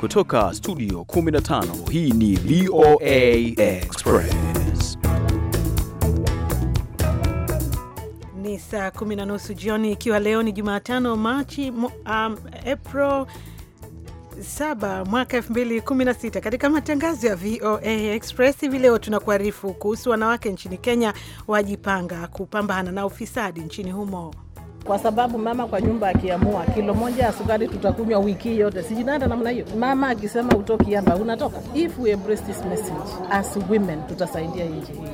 Kutoka studio 15 hii ni VOA Express. Ni saa kumi na nusu jioni, ikiwa leo ni Jumatano Machi um, April 7 mwaka 2016. Katika matangazo ya VOA Express hivi leo tunakuarifu kuhusu wanawake nchini Kenya wajipanga kupambana na ufisadi nchini humo kwa sababu mama kwa nyumba akiamua kilo moja ya sukari tutakunywa wiki yote, sijinaenda namna hiyo. Mama akisema utoki hapa, unatoka. If we embrace this message as women, tutasaidia nchi hii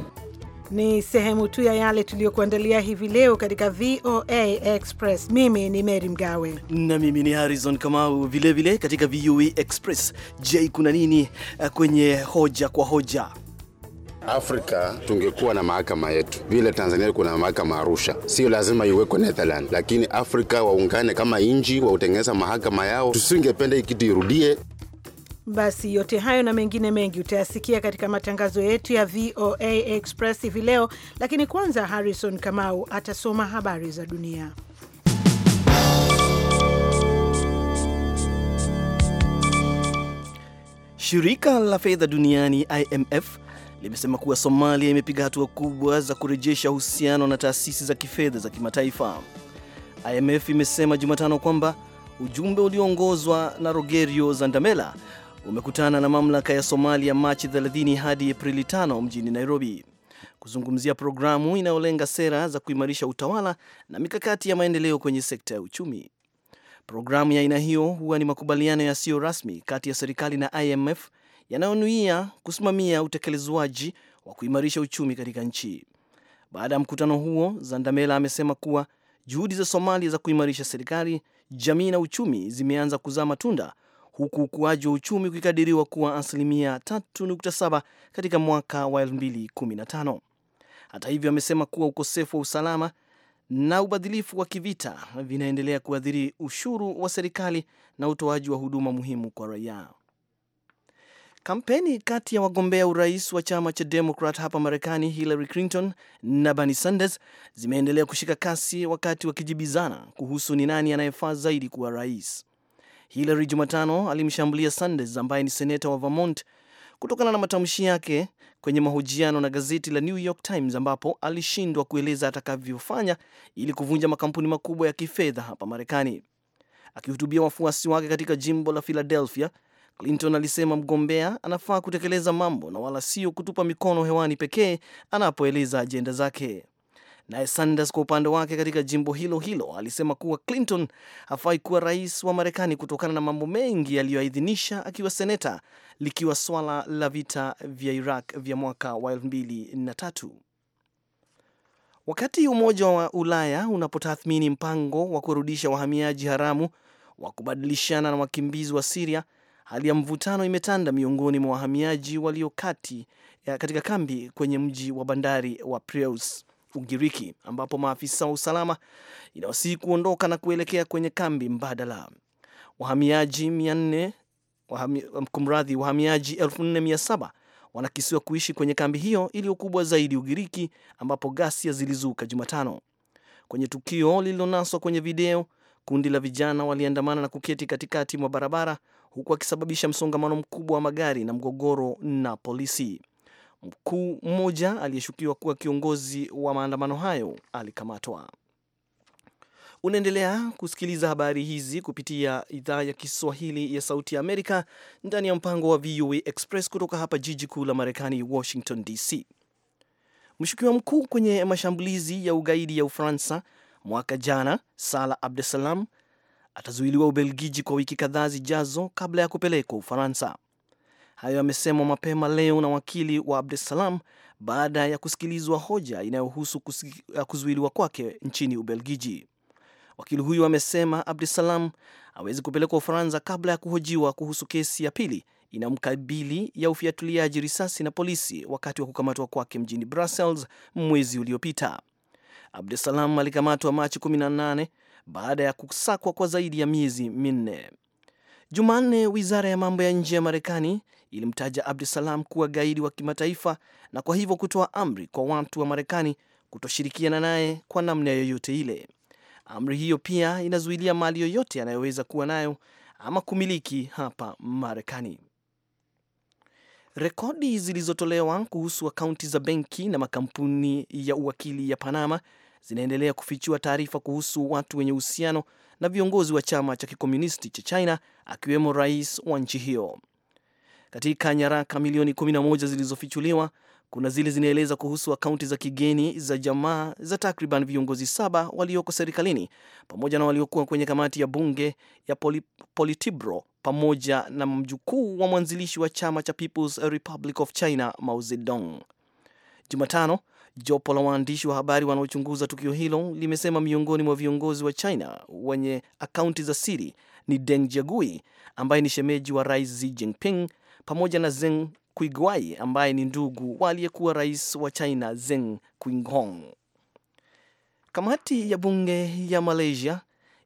ni sehemu tu ya yale tuliyokuandalia hivi leo katika VOA Express. Mimi ni Mary Mgawe na mimi ni Harrison Kamau. Vilevile katika VOA Express, je, kuna nini eh, kwenye hoja kwa hoja? Afrika tungekuwa na mahakama yetu vile Tanzania kuna mahakama Arusha, sio lazima iwekwe Netherland, lakini Afrika waungane kama wa wautengeneza mahakama yao, tusingependa ikiti irudie. Basi yote hayo na mengine mengi utayasikia katika matangazo yetu ya VOA Express hivi leo, lakini kwanza Harrison Kamau atasoma habari za dunia. Shirika la fedha duniani IMF limesema kuwa Somalia imepiga hatua kubwa za kurejesha uhusiano na taasisi za kifedha za kimataifa. IMF imesema Jumatano kwamba ujumbe ulioongozwa na Rogerio Zandamela umekutana na mamlaka ya Somalia Machi 30 hadi Aprili 5 mjini Nairobi kuzungumzia programu inayolenga sera za kuimarisha utawala na mikakati ya maendeleo kwenye sekta ya uchumi. Programu ya aina hiyo huwa ni makubaliano yasiyo rasmi kati ya serikali na IMF yanayonuia kusimamia utekelezwaji wa kuimarisha uchumi katika nchi. Baada ya mkutano huo, Zandamela amesema kuwa juhudi za Somalia za kuimarisha serikali, jamii na uchumi zimeanza kuzaa matunda huku ukuaji wa uchumi ukikadiriwa kuwa asilimia 3.7 katika mwaka wa 2015. Hata hivyo, amesema kuwa ukosefu wa usalama na ubadhilifu wa kivita vinaendelea kuathiri ushuru wa serikali na utoaji wa huduma muhimu kwa raia. Kampeni kati ya wagombea urais wa chama cha Demokrat hapa Marekani, Hillary Clinton na Bernie Sanders zimeendelea kushika kasi wakati wakijibizana kuhusu ni nani anayefaa zaidi kuwa rais. Hillary Jumatano alimshambulia Sanders ambaye ni seneta wa Vermont kutokana na matamshi yake kwenye mahojiano na gazeti la New York Times ambapo alishindwa kueleza atakavyofanya ili kuvunja makampuni makubwa ya kifedha hapa Marekani. Akihutubia wafuasi wake katika jimbo la Philadelphia, Clinton alisema mgombea anafaa kutekeleza mambo na wala sio kutupa mikono hewani pekee anapoeleza ajenda zake. Naye Sanders kwa upande wake, katika jimbo hilo hilo, alisema kuwa Clinton hafai kuwa rais wa Marekani kutokana na mambo mengi yaliyoaidhinisha akiwa seneta, likiwa swala la vita vya Iraq vya mwaka wa 2003. Wakati Umoja wa Ulaya unapotathmini mpango wa kurudisha wahamiaji haramu wa kubadilishana na wakimbizi wa Siria Hali ya mvutano imetanda miongoni mwa wahamiaji walio kati katika kambi kwenye mji wa bandari wa Pireus Ugiriki, ambapo maafisa wa usalama inawasihi kuondoka na kuelekea kwenye kambi mbadala. Wahamiaji 400 wahami, kumradhi, wahamiaji elfu wanakisiwa kuishi kwenye kambi hiyo iliyo kubwa zaidi Ugiriki, ambapo ghasia zilizuka Jumatano. Kwenye tukio lililonaswa kwenye video, Kundi la vijana waliandamana na kuketi katikati mwa barabara huku akisababisha msongamano mkubwa wa magari na mgogoro na polisi. Mkuu mmoja aliyeshukiwa kuwa kiongozi wa maandamano hayo alikamatwa. Unaendelea kusikiliza habari hizi kupitia idhaa ya Kiswahili ya Sauti ya Amerika ndani ya mpango wa VOA Express kutoka hapa jiji kuu la Marekani, Washington DC. Mshukiwa mkuu kwenye mashambulizi ya ugaidi ya Ufaransa mwaka jana, Salah Abdeslam atazuiliwa Ubelgiji kwa wiki kadhaa zijazo kabla ya kupelekwa Ufaransa. Hayo yamesemwa mapema leo na wakili wa Abdeslam baada ya kusikilizwa hoja inayohusu kuzuiliwa kwake nchini Ubelgiji. Wakili huyu amesema Abdusalam hawezi kupelekwa Ufaransa kabla ya kuhojiwa kuhusu kesi ya pili inayomkabili ya ufiatuliaji risasi na polisi wakati wa kukamatwa kwake mjini Brussels mwezi uliopita. Abdusalam alikamatwa Machi 18 baada ya kusakwa kwa zaidi ya miezi minne. Jumanne, wizara ya mambo ya nje ya Marekani ilimtaja Abdusalam kuwa gaidi wa kimataifa na kwa hivyo kutoa amri kwa watu wa Marekani kutoshirikiana naye kwa namna yoyote ile. Amri hiyo pia inazuilia mali yoyote anayoweza kuwa nayo ama kumiliki hapa Marekani. Rekodi zilizotolewa kuhusu akaunti za benki na makampuni ya uwakili ya Panama zinaendelea kufichua taarifa kuhusu watu wenye uhusiano na viongozi wa chama cha kikomunisti cha China akiwemo rais wa nchi hiyo. Katika nyaraka milioni 11 zilizofichuliwa, kuna zile zinaeleza kuhusu akaunti za kigeni za jamaa za takriban viongozi saba walioko serikalini pamoja na waliokuwa kwenye kamati ya bunge ya Poli, pamoja na mjukuu wa mwanzilishi wa chama cha People's Republic of China Mao Zedong. Jumatano Jopo la waandishi wa habari wanaochunguza tukio hilo limesema miongoni mwa viongozi wa China wenye akaunti za siri ni Deng Jiagui ambaye ni shemeji wa rais Xi Jinping pamoja na Zeng Kuigwai ambaye ni ndugu wa aliyekuwa rais wa China Zeng Qinghong. Kamati ya bunge ya Malaysia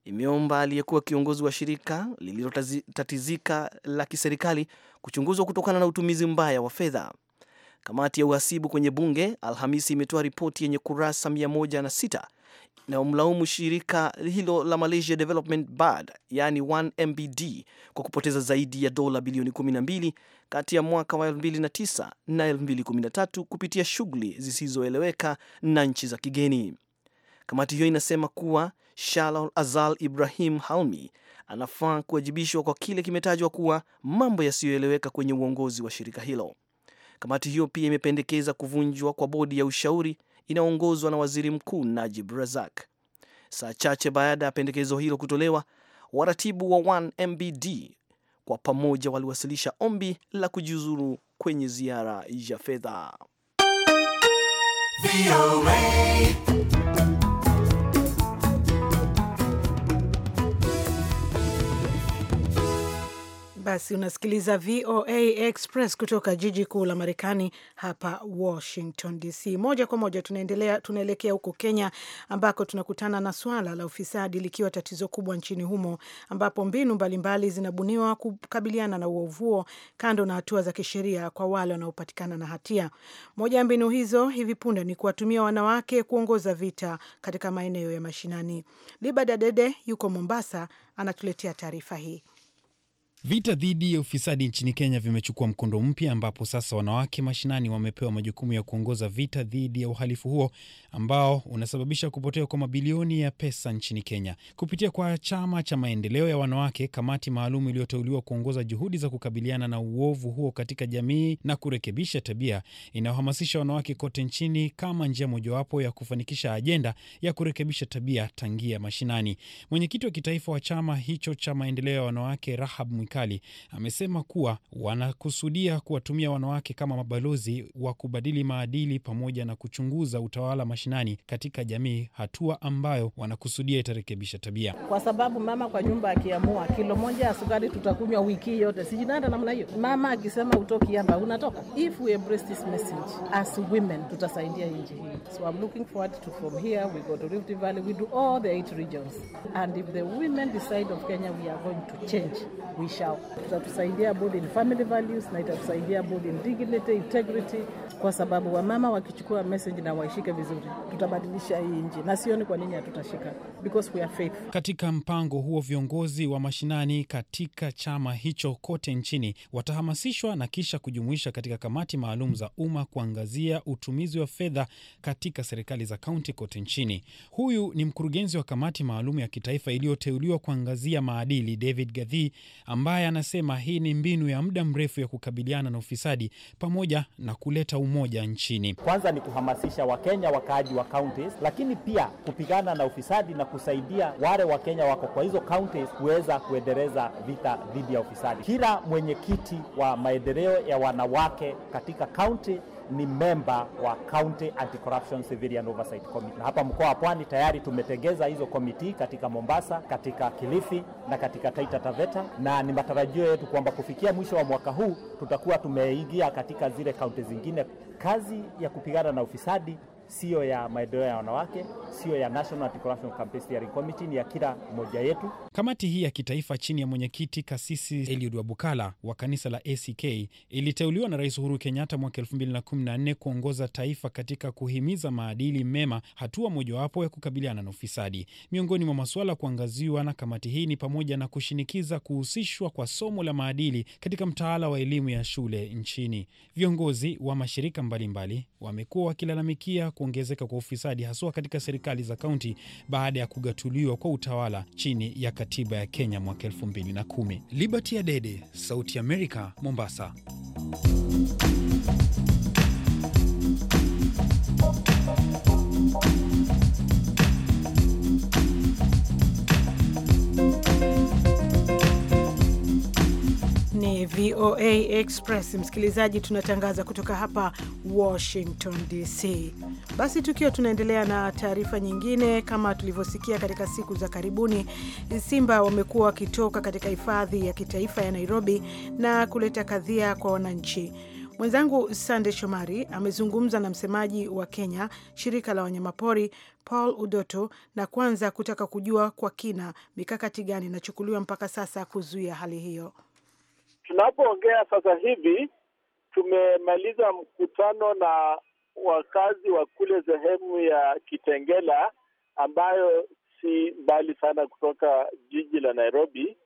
imeomba aliyekuwa kiongozi wa shirika lililotatizika la kiserikali kuchunguzwa kutokana na utumizi mbaya wa fedha. Kamati ya uhasibu kwenye bunge Alhamisi imetoa ripoti yenye kurasa 106 inayomlaumu shirika hilo la Malaysia Development Board yani 1 mbd kwa kupoteza zaidi ya dola bilioni 12 kati ya mwaka wa 2009 na 2013 kupitia shughuli zisizoeleweka na nchi za kigeni. Kamati hiyo inasema kuwa Shalal Azal Ibrahim Halmi anafaa kuwajibishwa kwa kile kimetajwa kuwa mambo yasiyoeleweka kwenye uongozi wa shirika hilo. Kamati hiyo pia imependekeza kuvunjwa kwa bodi ya ushauri inayoongozwa na waziri mkuu Najib Razak. Saa chache baada ya pendekezo hilo kutolewa, waratibu wa 1MBD kwa pamoja waliwasilisha ombi la kujiuzuru kwenye ziara ya fedha. Basi unasikiliza VOA Express kutoka jiji kuu la Marekani hapa Washington DC. Moja kwa moja tunaendelea, tunaelekea huko Kenya ambako tunakutana na swala la ufisadi likiwa tatizo kubwa nchini humo, ambapo mbinu mbalimbali zinabuniwa kukabiliana na uovu huo, kando na hatua za kisheria kwa wale wanaopatikana na hatia. Moja ya mbinu hizo hivi punde ni kuwatumia wanawake kuongoza vita katika maeneo ya mashinani. liba dadede yuko Mombasa, anatuletea taarifa hii. Vita dhidi ya ufisadi nchini Kenya vimechukua mkondo mpya ambapo sasa wanawake mashinani wamepewa majukumu ya kuongoza vita dhidi ya uhalifu huo ambao unasababisha kupotea kwa mabilioni ya pesa nchini Kenya. Kupitia kwa chama cha maendeleo ya wanawake, kamati maalum iliyoteuliwa kuongoza juhudi za kukabiliana na uovu huo katika jamii na kurekebisha tabia, inayohamasisha wanawake kote nchini kama njia mojawapo ya kufanikisha ajenda ya kurekebisha tabia tangia mashinani. Mwenyekiti wa kitaifa wa chama hicho cha maendeleo ya wanawake Rahab Mwika serikali amesema kuwa wanakusudia kuwatumia wanawake kama mabalozi wa kubadili maadili pamoja na kuchunguza utawala mashinani katika jamii, hatua ambayo wanakusudia itarekebisha tabia, kwa sababu mama kwa nyumba akiamua kilo moja ya sukari tutakunywa wiki yote, sijinaenda namna hiyo. Mama akisema utoki hapa unatoka. If we embrace this message as women, tutasaidia nchi hii. So I'm looking forward to from here we go to Rift Valley, we do all the eight regions and if the women decide of Kenya we are going to change we maishao. Itatusaidia both in family values na itatusaidia both in dignity, integrity, kwa sababu wamama wakichukua message na waishike vizuri, tutabadilisha hii nchi, na sioni kwa nini hatutashika because we are faithful. Katika mpango huo, viongozi wa mashinani katika chama hicho kote nchini watahamasishwa na kisha kujumuisha katika kamati maalum za umma kuangazia utumizi wa fedha katika serikali za kaunti kote nchini. Huyu ni mkurugenzi wa kamati maalum ya kitaifa iliyoteuliwa kuangazia maadili David Gadhi ambaye anasema hii ni mbinu ya muda mrefu ya kukabiliana na ufisadi pamoja na kuleta umoja nchini. Kwanza ni kuhamasisha Wakenya wakaaji wa counties, lakini pia kupigana na ufisadi na kusaidia wale Wakenya wako kwa hizo counties kuweza kuendeleza vita dhidi ya ufisadi. Kila mwenyekiti wa maendeleo ya wanawake katika kaunti ni memba wa County Anti-Corruption Civilian Oversight Committee, na hapa mkoa wa Pwani tayari tumetengeza hizo komiti katika Mombasa, katika Kilifi na katika Taita Taveta, na ni matarajio yetu kwamba kufikia mwisho wa mwaka huu tutakuwa tumeingia katika zile kaunti zingine. Kazi ya kupigana na ufisadi sio ya maendeleo ya wanawake, sio ya National Anti-Corruption Campaign Steering Committee, ni ya kila mmoja yetu. Kamati hii ya kitaifa chini ya mwenyekiti Kasisi Eliud Wabukala wa kanisa la ACK iliteuliwa na Rais Uhuru Kenyatta mwaka 2014 kuongoza taifa katika kuhimiza maadili mema, hatua mojawapo ya kukabiliana na ufisadi. Miongoni mwa masuala kuangaziwa na kamati hii ni pamoja na kushinikiza kuhusishwa kwa somo la maadili katika mtaala wa elimu ya shule nchini. Viongozi wa mashirika mbalimbali wamekuwa wakilalamikia kuongezeka kwa ufisadi haswa katika serikali za kaunti baada ya kugatuliwa kwa utawala chini ya katiba ya Kenya mwaka 2010. Liberty Adede, Sauti ya Amerika, Mombasa. VOA Express. Msikilizaji, tunatangaza kutoka hapa Washington DC. Basi tukiwa tunaendelea na taarifa nyingine, kama tulivyosikia katika siku za karibuni, simba wamekuwa wakitoka katika hifadhi ya kitaifa ya Nairobi na kuleta kadhia kwa wananchi. Mwenzangu Sande Shomari amezungumza na msemaji wa Kenya, shirika la wanyamapori Paul Udoto, na kwanza kutaka kujua kwa kina mikakati gani inachukuliwa mpaka sasa kuzuia hali hiyo. Tunapoongea sasa hivi tumemaliza mkutano na wakazi wa kule sehemu ya Kitengela ambayo si mbali sana kutoka jiji la Nairobi,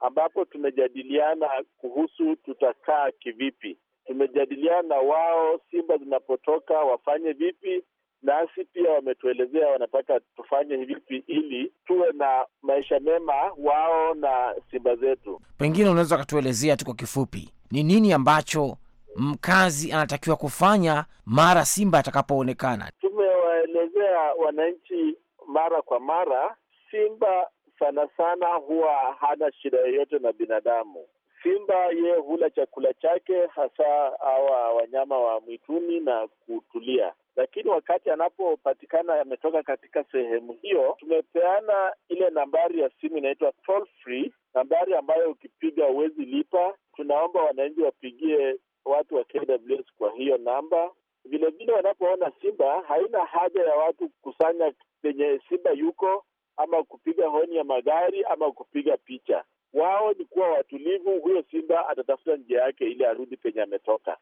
ambapo tumejadiliana kuhusu tutakaa kivipi. Tumejadiliana wao simba zinapotoka wafanye vipi, nasi pia wametuelezea wanataka tufanye hivipi ili tuwe na maisha mema wao na simba zetu. Pengine unaweza ukatuelezea tu kwa kifupi, ni nini ambacho mkazi anatakiwa kufanya mara simba atakapoonekana? Tumewaelezea wananchi mara kwa mara, simba sana sana huwa hana shida yoyote na binadamu. Simba yeye hula chakula chake hasa hawa wanyama wa mwituni na kutulia lakini wakati anapopatikana ametoka katika sehemu hiyo, tumepeana ile nambari ya simu inaitwa toll free, nambari ambayo ukipiga huwezi lipa. Tunaomba wananchi wapigie watu wa KWS kwa hiyo namba. Vilevile wanapoona simba, haina haja ya watu kukusanya penye simba yuko ama kupiga honi ya magari ama kupiga picha. Wao ni kuwa watulivu, huyo simba atatafuta njia yake ili arudi penye ametoka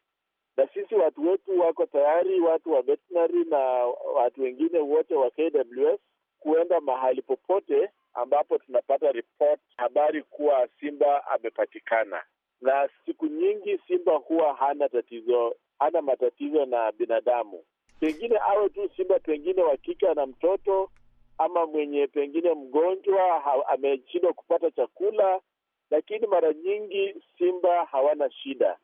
na sisi watu wetu wako tayari, watu wa veterinary na watu wengine wote wa KWS kuenda mahali popote ambapo tunapata report habari kuwa simba amepatikana. Na siku nyingi simba huwa hana tatizo, hana matatizo na binadamu. Pengine awe tu simba pengine kike na mtoto ama mwenye pengine mgonjwa ameshindwa kupata chakula, lakini mara nyingi simba hawana shida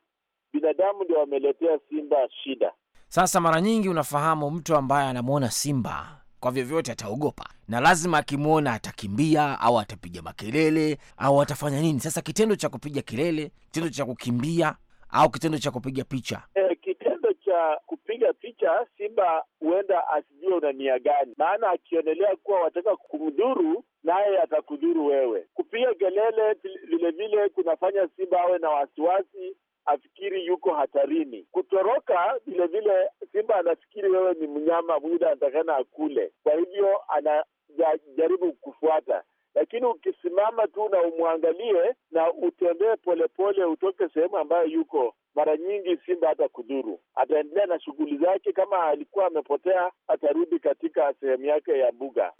binadamu ndio wameletea simba shida. Sasa mara nyingi unafahamu, mtu ambaye anamwona simba kwa vyovyote ataogopa na lazima akimwona atakimbia au atapiga makelele au atafanya nini. Sasa kitendo cha kupiga kelele, kitendo cha kukimbia au kitendo cha kupiga picha eh, kitendo cha kupiga picha, simba huenda asijue una nia gani, maana akionelea kuwa wataka kumdhuru, naye atakudhuru wewe. Kupiga kelele vilevile kunafanya simba awe na wasiwasi afikiri yuko hatarini kutoroka. Vilevile simba anafikiri wewe ni mnyama, muda anatakana akule, kwa hivyo anajaribu kufuata lakini ukisimama tu na umwangalie na utembee polepole, utoke sehemu ambayo yuko, mara nyingi simba hata kudhuru, ataendelea na shughuli zake. Kama alikuwa amepotea, atarudi katika sehemu yake ya mbuga.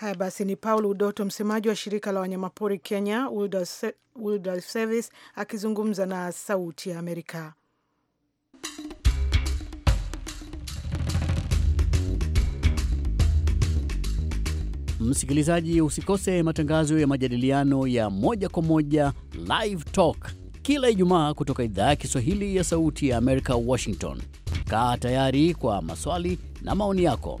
Haya basi, ni Paul Udoto, msemaji wa shirika la wanyamapori Kenya Wildlife Service, akizungumza na Sauti ya Amerika. Msikilizaji, usikose matangazo ya majadiliano ya moja kwa moja, Live Talk, kila Ijumaa kutoka idhaa ya Kiswahili ya Sauti ya Amerika, Washington. Kaa tayari kwa maswali na maoni yako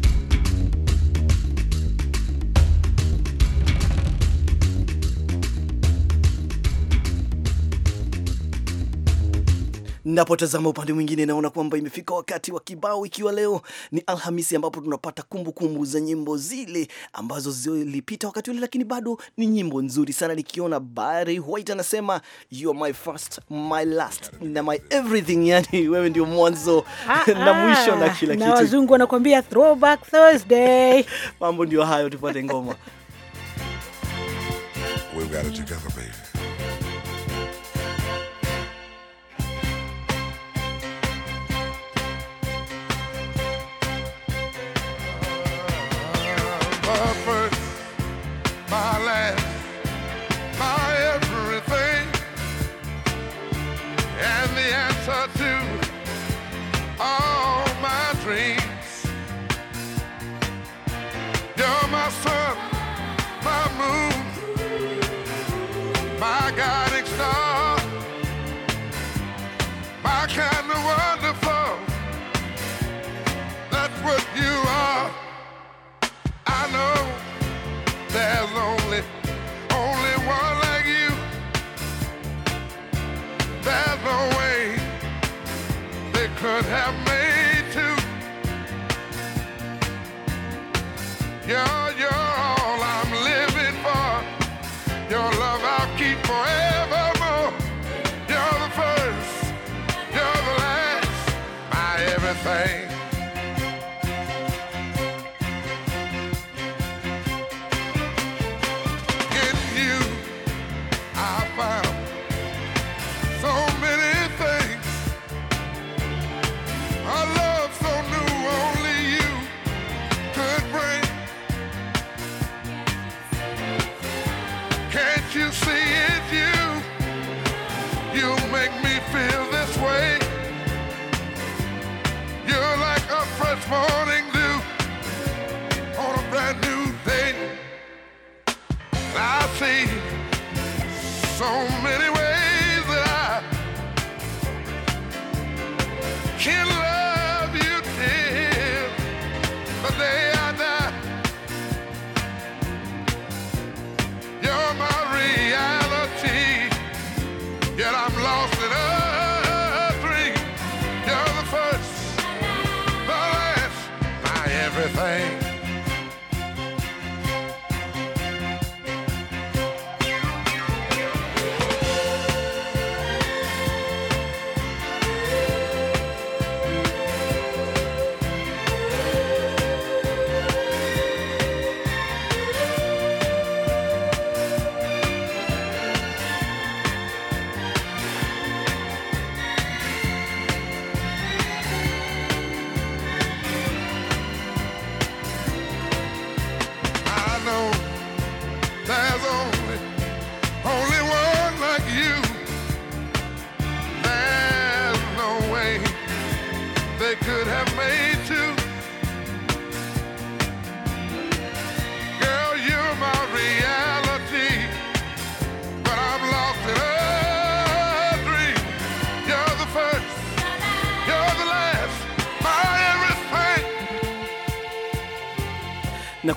Napotazama upande mwingine, naona kwamba imefika wakati wa kibao, ikiwa leo ni Alhamisi ambapo tunapata kumbukumbu za nyimbo zile ambazo zilipita wakati ule, lakini bado ni nyimbo nzuri sana. Nikiona Barry White anasema you are my first, my last na my everything, yani wewe ndio mwanzo ah, na ah. mwisho na kila kitu, na wazungu wanakuambia throwback Thursday. Mambo ndio hayo, tupate ngoma. We've got it together, baby. Yeah.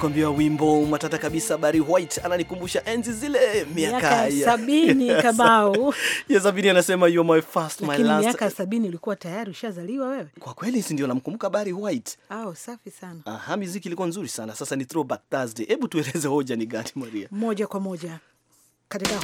Nakwambia wimbo matata kabisa. Barry White ananikumbusha enzi zile miaka ya sabini kabao ya sabini. Anasema you my first my last. Miaka sabini ilikuwa tayari ushazaliwa wewe, kwa kweli, si ndio? Namkumbuka Barry White. Ah, safi sana. Aha, muziki ilikuwa nzuri sana. Sasa ni Throwback Thursday. Hebu tueleze hoja ni gani Maria? Moja kwa moja katika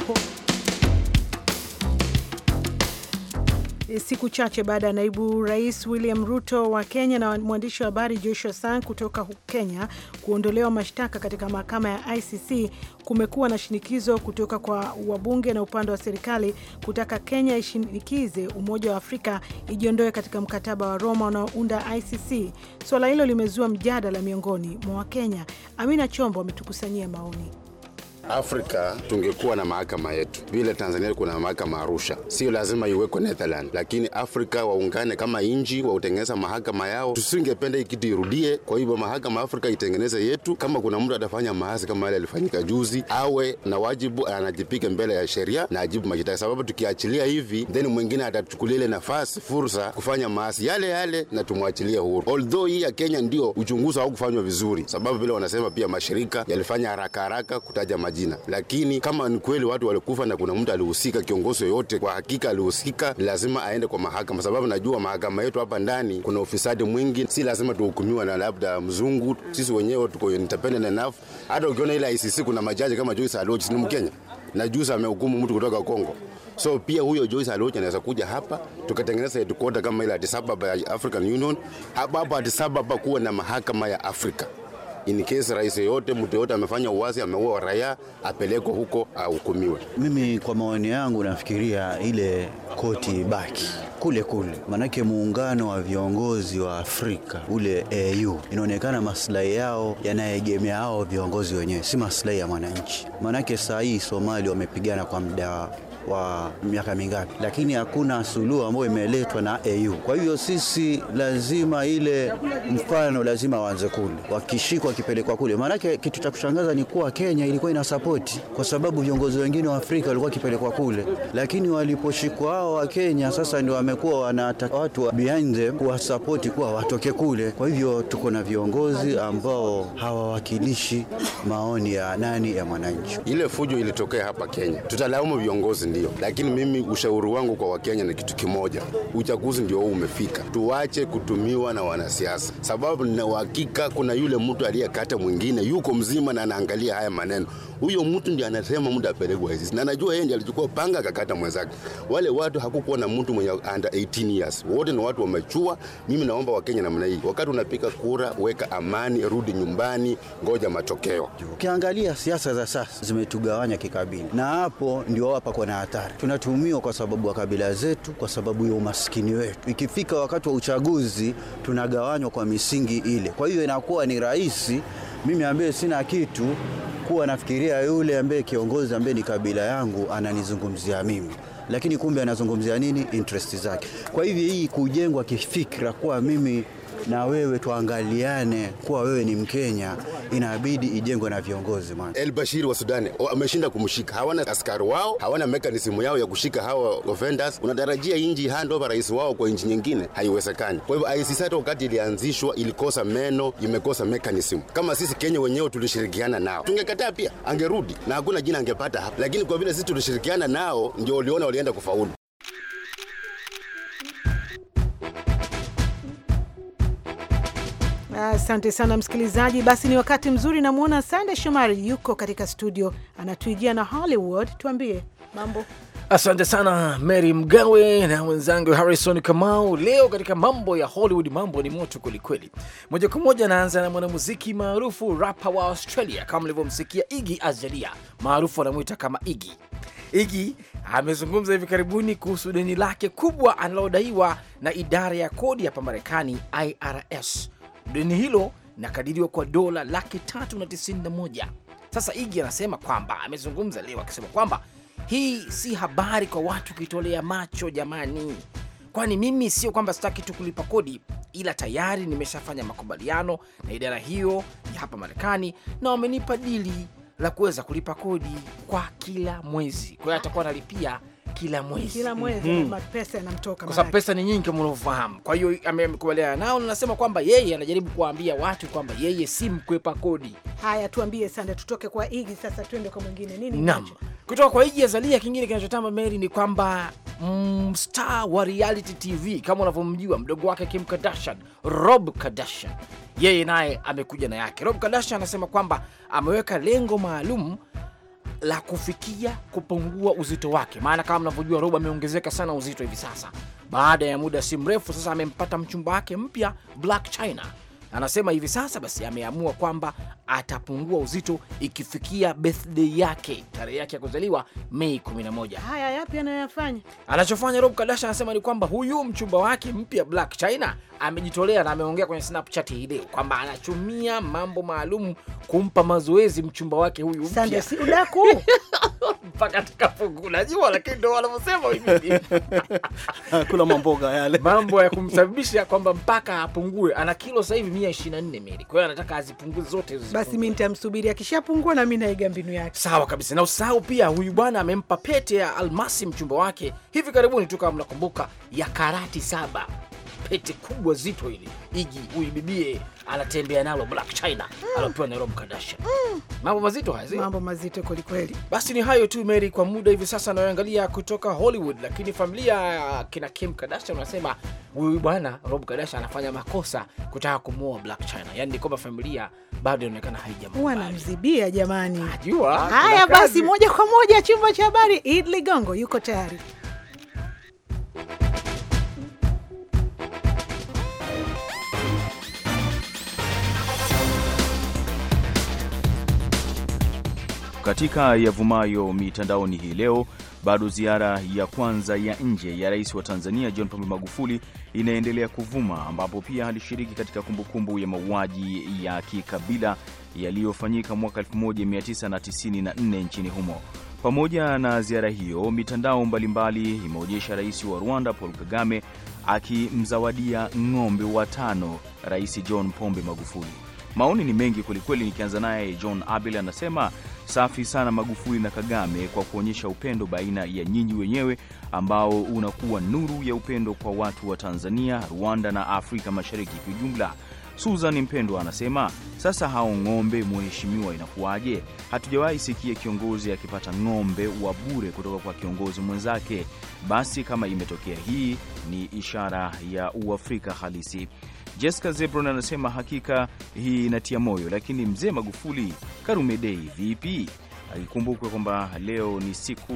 siku chache baada ya naibu rais William Ruto wa Kenya na mwandishi wa habari Joshua Sang kutoka Kenya kuondolewa mashtaka katika mahakama ya ICC, kumekuwa na shinikizo kutoka kwa wabunge na upande wa serikali kutaka Kenya ishinikize Umoja wa Afrika ijiondoe katika mkataba wa Roma unaounda ICC. Suala hilo limezua mjadala miongoni mwa Wakenya. Amina Chombo ametukusanyia maoni. Afrika tungekuwa na mahakama yetu vile Tanzania kuna mahakama Arusha, sio lazima iwekwe Netherlands, lakini Afrika waungane kama inji wautengeneza mahakama yao. Tusingependa kitu irudie. Kwa hivyo mahakama Afrika itengeneze yetu. Kama kuna mtu atafanya maasi kama yale alifanyika juzi, awe na wajibu, anajipike mbele ya sheria na ajibu mashitaka, sababu tukiachilia hivi then mwingine atachukulia ile nafasi fursa kufanya maasi yale yale na tumwachilie huru. Although hii ya Kenya ndio uchunguzi haukufanywa vizuri, sababu vile wanasema pia mashirika yalifanya haraka haraka kutaja majina majina, lakini kama ni kweli watu walikufa na kuna mtu alihusika, kiongozi yoyote kwa hakika alihusika, lazima aende kwa mahakama, sababu najua mahakama yetu hapa ndani kuna ufisadi mwingi. Si lazima tuhukumiwa na labda mzungu, sisi wenyewe tuko independent enough. Hata ukiona ile ICC kuna majaji kama Joyce Aloch ni Mkenya na juzi amehukumu mtu kutoka Kongo. So pia huyo Joyce Aloch anaweza kuja hapa tukatengeneza headquarter kama ile Addis Ababa ya African Union. Hapa hapa Addis Ababa kuwa na mahakama ya Afrika in case rais yoyote mtu yoyote amefanya uwazi ameua raia apelekwe huko ahukumiwe. Mimi kwa maoni yangu nafikiria ile koti baki kule kule, manake muungano wa viongozi wa Afrika ule AU inaonekana maslahi yao yanayegemea hao viongozi wenyewe, si maslahi ya mwananchi. Manake saa hii Somalia wamepigana kwa muda wa miaka mingapi, lakini hakuna suluhu ambayo imeletwa na AU. Kwa hiyo sisi lazima ile mfano lazima waanze kule, wakishikwa wakipelekwa kule. Maanake kitu cha kushangaza ni kuwa Kenya ilikuwa ina sapoti, kwa sababu viongozi wengine wa Afrika walikuwa wakipelekwa kule, lakini waliposhikwa hao wa Kenya sasa ndio wamekuwa wanataka watu wa bianze kuwasapoti kuwa watoke kule. Kwa hivyo tuko na viongozi ambao hawawakilishi maoni ya nani ya mwananchi. Ile fujo ilitokea hapa Kenya, tutalaumu viongozi ndio, lakini mimi ushauri wangu kwa Wakenya ni kitu kimoja, uchaguzi ndio huu umefika, tuache kutumiwa na wanasiasa, sababu nina uhakika kuna yule mtu aliyekata mwingine yuko mzima na anaangalia haya maneno. Huyo mtu ndiye anasema mtu apelekwa ICC na najua yeye ndiye alichukua panga akakata mwenzake. Wale watu hakukuwa na mtu mwenye under 18 years, wote ni watu wamechua. Mimi naomba Wakenya namna hii, wakati unapiga kura, weka amani, rudi nyumbani, ngoja matokeo. Ukiangalia siasa za sasa zimetugawanya kikabila, na hapo ndio hapa hatari. Tunatuhumiwa kwa sababu ya kabila zetu, kwa sababu ya umaskini wetu. Ikifika wakati wa uchaguzi, tunagawanywa kwa misingi ile. Kwa hiyo inakuwa ni rahisi mimi ambaye sina kitu kuwa nafikiria yule ambaye kiongozi ambaye ni kabila yangu ananizungumzia mimi lakini kumbe anazungumzia nini? Interest zake. Kwa hivyo hii kujengwa kifikra kuwa mimi na wewe tuangaliane kuwa wewe ni Mkenya, inabidi ijengwe na viongozi. Maana El Bashir wa Sudani ameshinda kumshika, hawana askari wao, hawana mekanismu yao ya kushika hawa offenders. Unatarajia inji handover rais wao kwa inji nyingine? Haiwezekani. Kwa hivyo ICC wakati ilianzishwa ilikosa meno, imekosa mekanismu. Kama sisi Kenya wenyewe tulishirikiana nao, tungekataa pia, angerudi na hakuna jina angepata hapa, lakini kwa vile sisi tulishirikiana nao, ndio uliona walienda kufaulu. Asante sana msikilizaji, basi ni wakati mzuri. Namwona Sande Shomari yuko katika studio, anatuijia na Hollywood. Tuambie mambo. Asante sana Mary Mgawe na mwenzangu Harrison Kamau. Leo katika mambo ya Hollywood, mambo ni moto kwelikweli. Moja kwa moja anaanza na mwanamuziki maarufu rapa wa Australia, kama mlivyomsikia Iggy Azalea, maarufu anamwita kama Iggy. Iggy amezungumza hivi karibuni kuhusu deni lake kubwa analodaiwa na idara ya kodi hapa Marekani, IRS Deni hilo linakadiriwa kwa dola laki tatu na tisini na moja. Sasa Igi anasema kwamba amezungumza leo akisema kwamba hii si habari kwa watu kitolea macho jamani, kwani mimi sio kwamba sitaki tu kulipa kodi, ila tayari nimeshafanya makubaliano na idara hiyo ya hapa Marekani na wamenipa dili la kuweza kulipa kodi kwa kila mwezi. Kwa hiyo atakuwa analipia kila mwezi, kila mhm. mwezi mm -hmm. pesa yanamtoka kwa sababu pesa ni nyingi kama unavyofahamu. Kwa hiyo amekubaliana nao nasema kwamba yeye anajaribu kuwaambia watu kwamba yeye si mkwepa kodi. Haya, tuambie sana, tutoke kwa Iggy sasa tuende kwa mwingine nini. Naam, kutoka kwa Iggy Azalea, kingine kinachotamba Mary ni kwamba mm, wa reality TV kama unavyomjua mdogo wake Kim Kardashian, Rob Kardashian, yeye naye amekuja na yake. Rob Kardashian anasema kwamba ameweka lengo maalum la kufikia kupungua uzito wake, maana kama mnavyojua Rob ameongezeka sana uzito hivi sasa. Baada ya muda si mrefu sasa amempata mchumba wake mpya Black China Anasema hivi sasa basi ameamua kwamba atapungua uzito ikifikia birthday yake, tarehe yake ya kuzaliwa Mei 11. Haya yapi anayoyafanya? Anachofanya Rob Kardashian anasema ni kwamba huyu mchumba wake mpya Black China amejitolea na ameongea kwenye Snapchat hii leo kwamba anatumia mambo maalum kumpa mazoezi mchumba wake huyu mpya mpaka atakapokula jua, lakini ndo wanavyosema hivi kula mamboga yale, mambo ya kumsababisha kwamba mpaka apungue, ana kilo sasa hivi asilimia 24 mili. Kwa hiyo anataka azipunguze zote hizo. Basi mimi nitamsubiri, akishapungua na mimi naiga mbinu yake. Sawa kabisa. Na usahau pia, huyu bwana amempa pete ya almasi mchumba wake hivi karibuni tu, kama mnakumbuka, ya karati saba, pete kubwa zito, ili igi uibibie anatembea nalo Black China mm. alopewa na Rob Kardashian. Mm. Mambo mazito haya, mambo mazito kweli kweli. Basi ni hayo tu Mary, kwa muda hivi sasa anayoangalia kutoka Hollywood, lakini familia kina Kim Kardashian wanasema huyu bwana Rob Kardashian anafanya makosa kutaka kumuoa Black China, yaani ni kwamba familia bado inaonekana haijamwona, wanamzibia jamani. ajua haya. Basi moja kwa moja chumba cha habari, Idli Gongo yuko tayari. Katika yavumayo mitandaoni hii leo, bado ziara ya kwanza ya nje ya rais wa Tanzania John Pombe Magufuli inaendelea kuvuma, ambapo pia alishiriki katika kumbukumbu ya mauaji ya kikabila yaliyofanyika mwaka 1994 nchini humo. Pamoja na ziara hiyo, mitandao mbalimbali imeonyesha rais wa Rwanda Paul Kagame akimzawadia ng'ombe watano rais John Pombe Magufuli. Maoni ni mengi kwelikweli. Nikianza naye John Abel anasema safi sana Magufuli na Kagame kwa kuonyesha upendo baina ya nyinyi wenyewe ambao unakuwa nuru ya upendo kwa watu wa Tanzania, Rwanda na Afrika Mashariki kwa ujumla. Susan Mpendwa anasema sasa, hao ng'ombe, mheshimiwa, inakuwaje? Hatujawahi sikia kiongozi akipata ng'ombe wa bure kutoka kwa kiongozi mwenzake. Basi kama imetokea hii, ni ishara ya uafrika halisi. Jessica Zebron anasema hakika hii inatia moyo, lakini mzee Magufuli, Karume dei vipi? Akikumbukwe kwamba leo ni siku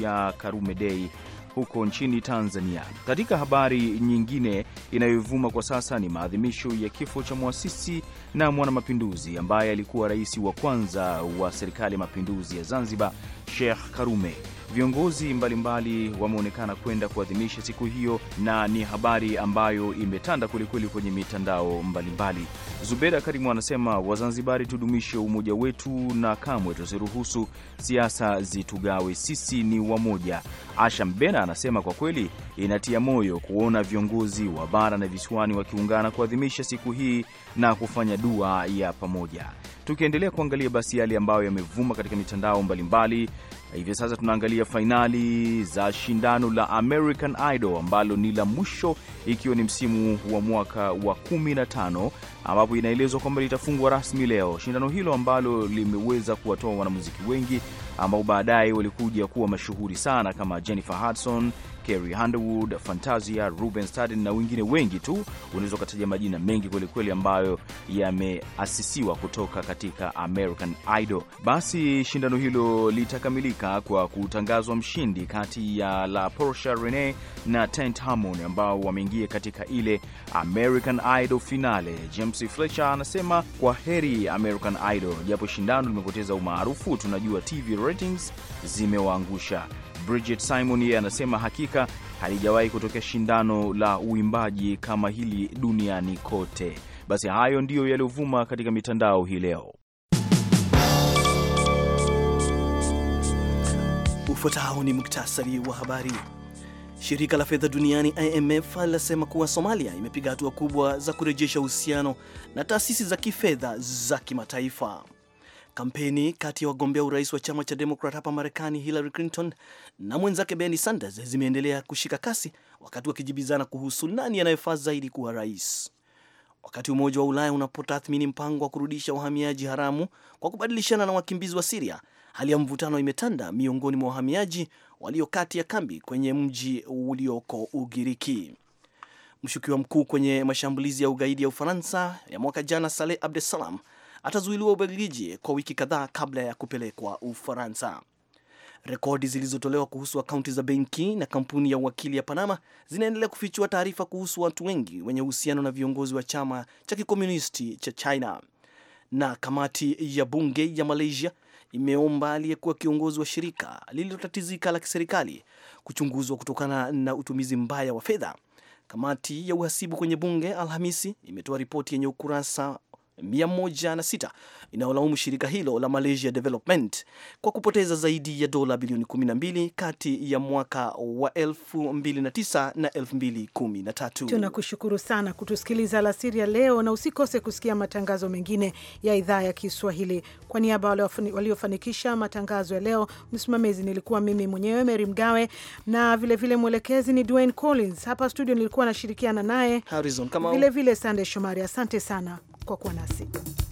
ya Karume dei huko nchini Tanzania. Katika habari nyingine inayovuma kwa sasa ni maadhimisho ya kifo cha mwasisi na mwanamapinduzi ambaye alikuwa rais wa kwanza wa serikali ya mapinduzi ya Zanzibar, Sheikh Karume. Viongozi mbalimbali wameonekana kwenda kuadhimisha siku hiyo, na ni habari ambayo imetanda kwelikweli kwenye mitandao mbalimbali. Zubeda Karimu anasema Wazanzibari tudumishe umoja wetu na kamwe tusiruhusu siasa zitugawe, sisi ni wamoja. Asha Mbena anasema kwa kweli inatia moyo kuona viongozi wa bara na visiwani wakiungana kuadhimisha siku hii na kufanya dua ya pamoja. Tukiendelea kuangalia basi yale ambayo yamevuma katika mitandao mbalimbali Hivi sasa tunaangalia fainali za shindano la American Idol ambalo ni la mwisho ikiwa ni msimu wa mwaka wa 15 ambapo inaelezwa kwamba litafungwa rasmi leo. Shindano hilo ambalo limeweza kuwatoa wanamuziki wengi ambao baadaye walikuja kuwa mashuhuri sana kama Jennifer Hudson, Carrie Underwood, Fantasia, Ruben Staden na wengine wengi tu. Unaweza ukataja majina mengi kwelikweli ambayo yameasisiwa kutoka katika American Idol. Basi shindano hilo litakamilika kwa kutangazwa mshindi kati ya La Porsha Rene na Tent Harmon ambao wameingia katika ile American Idol finale. James Fletcher anasema kwa heri American Idol, japo shindano limepoteza umaarufu, tunajua TV ratings zimewaangusha Bridget Simon yeye anasema hakika halijawahi kutokea shindano la uimbaji kama hili duniani kote. Basi hayo ndiyo yaliyovuma katika mitandao hii leo. Ufuatao ni muktasari wa habari. Shirika la fedha duniani IMF linasema kuwa Somalia imepiga hatua kubwa za kurejesha uhusiano na taasisi za kifedha za kimataifa. Kampeni kati ya wagombea urais wa chama cha Demokrat hapa Marekani, Hillary Clinton na mwenzake Bernie Sanders zimeendelea kushika kasi, wakati wakijibizana kuhusu nani anayefaa zaidi kuwa rais, wakati Umoja wa Ulaya unapotathmini mpango wa kurudisha wahamiaji haramu kwa kubadilishana na wakimbizi wa Siria. Hali ya mvutano imetanda miongoni mwa wahamiaji walio kati ya kambi kwenye mji ulioko Ugiriki. Mshukiwa mkuu kwenye mashambulizi ya ugaidi ya Ufaransa ya mwaka jana, Saleh Abdesalam atazuiliwa Ubelgiji kwa wiki kadhaa kabla ya kupelekwa Ufaransa. Rekodi zilizotolewa kuhusu akaunti za benki na kampuni ya uwakili ya Panama zinaendelea kufichua taarifa kuhusu watu wengi wenye uhusiano na viongozi wa chama cha kikomunisti cha China. Na kamati ya bunge ya Malaysia imeomba aliyekuwa kiongozi wa shirika lililotatizika la kiserikali kuchunguzwa kutokana na utumizi mbaya wa fedha. Kamati ya uhasibu kwenye bunge Alhamisi imetoa ripoti yenye ukurasa 106 inayolaumu shirika hilo la Malaysia Development kwa kupoteza zaidi ya dola bilioni 12 kati ya mwaka wa 2009 na 2013. Tunakushukuru sana kutusikiliza alasiri ya leo, na usikose kusikia matangazo mengine ya idhaa ya Kiswahili. Kwa niaba waliofanikisha matangazo ya leo, msimamizi nilikuwa mimi mwenyewe Mary Mgawe, na vilevile vile mwelekezi ni Dwayne Collins. Hapa studio nilikuwa nashirikiana naye vilevile Sande Shomari. Asante sana kwa kuwa nasi.